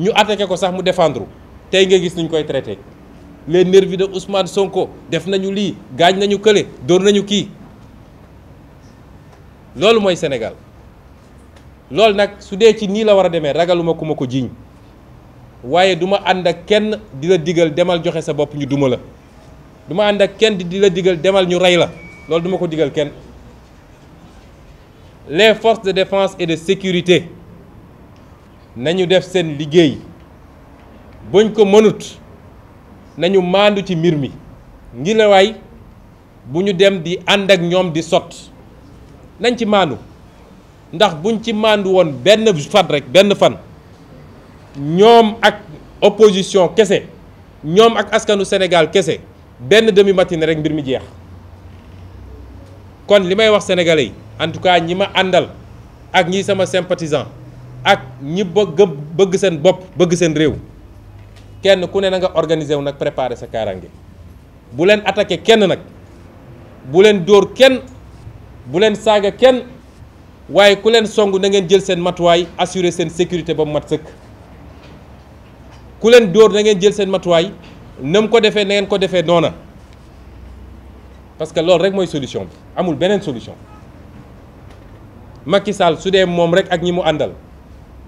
Nous attaqué ko sax défendre Nous nga gis traité les nervis de Ousmane Sonko def nañu lii nous nañu ce que nañu veux dire Sénégal L'ol nak. su ni la war a ko duma ak digal demal sa bop ñu la du ak digal ñu la ko les forces de défense et de sécurité nañu def seen liggéey buñ ko mënut nañu màndu ci mbir mi ngi la waay bu ñu dem di ànd ak ñoom di sot nañ ci màndu ndax buñ ci maandu woon benn fan rek benn fan ñoom ak opposition kese ñoom ak askanu Sénégal kese benn demi matine rek mbir mi jeex kon li may wax sénégalais yi en tout cas ñi ma àndal ak ñi sama sympathisant ak ñi bëgg bëgg seen bopp bëgg seen réew kenn ku ne na nga organiser wu nag préparer sa kaaraange bu leen attaque kenn nag bu leen dóor kenn bu leen saaga kenn waaye ku leen song na ngeen jël seen matuwaay assurer seen sécurité ba mu mat sëkk ku leen dóor na ngeen jël seen matuwaay na mu ko defee na ngeen ko defee noona parce que loolu rek mooy solution bi amul beneen solution Macky Sall su dee moom rek ak ñi mu àndal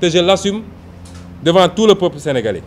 Et je l'assume devant tout le peuple sénégalais.